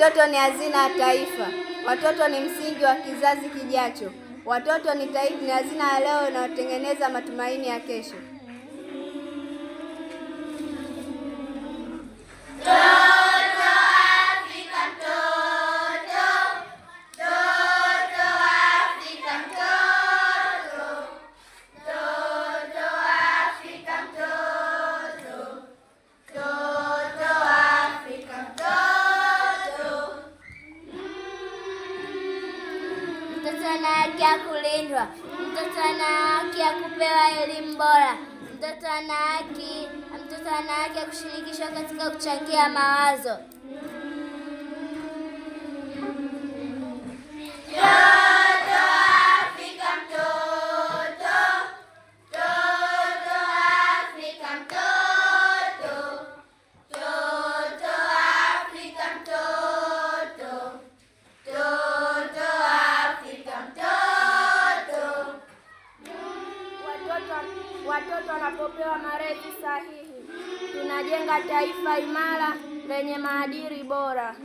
Watoto ni hazina ya taifa. Watoto ni msingi wa kizazi kijacho. Watoto ni, ni hazina ya leo inayotengeneza matumaini ya kesho. wa elimu bora. Mtoto ana haki mtoto ana haki ya kushirikishwa katika kuchangia mawazo. taifa imara lenye maadili bora.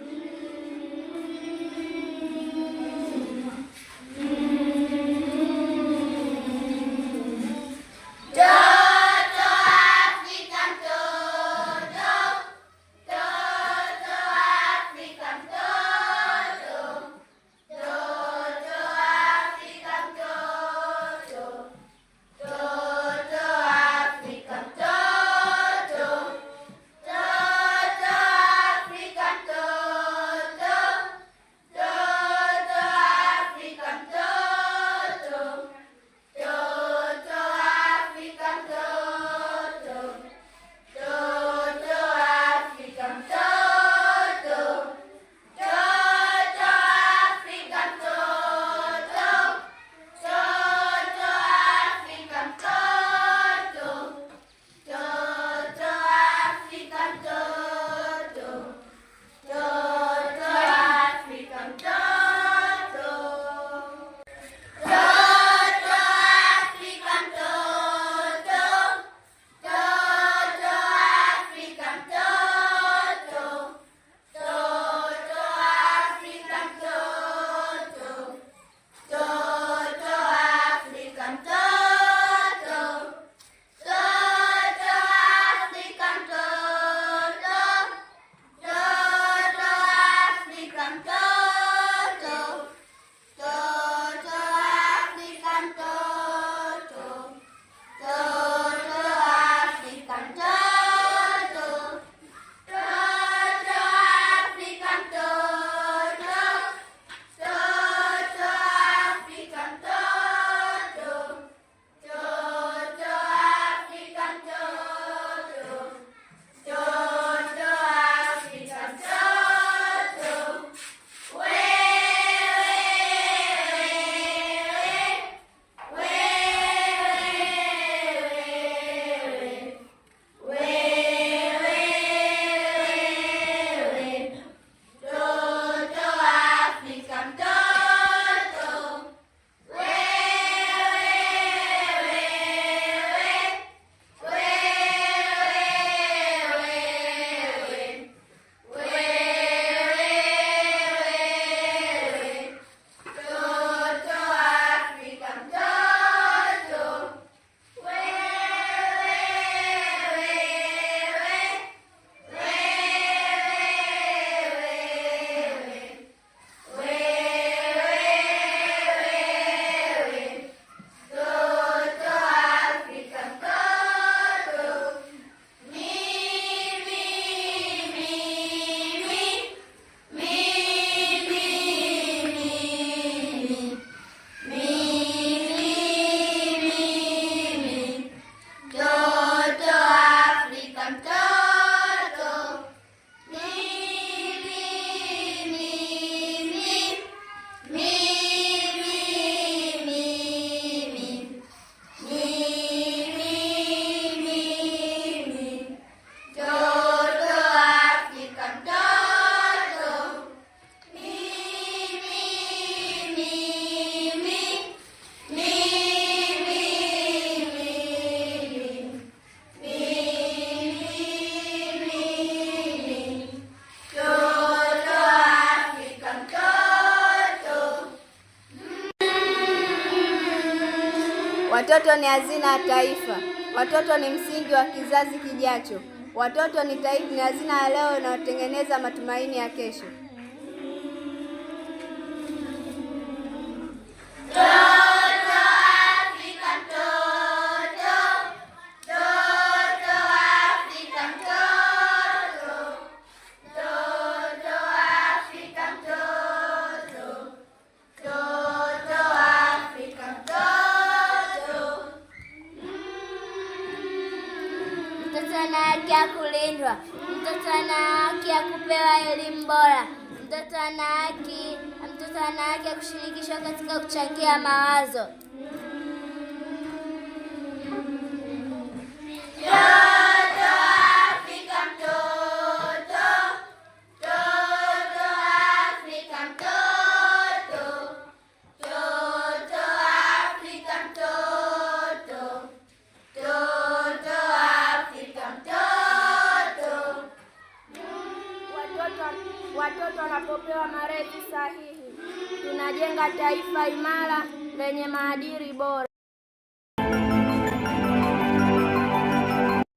Watoto ni hazina ya taifa. Watoto ni msingi wa kizazi kijacho. Watoto ni hazina ya leo inayotengeneza matumaini ya kesho. kufunzwa. Mtoto ana haki ya kupewa elimu bora. Mtoto ana haki, mtoto ana haki ya kushirikishwa katika kuchangia mawazo. kujenga taifa imara lenye maadili bora.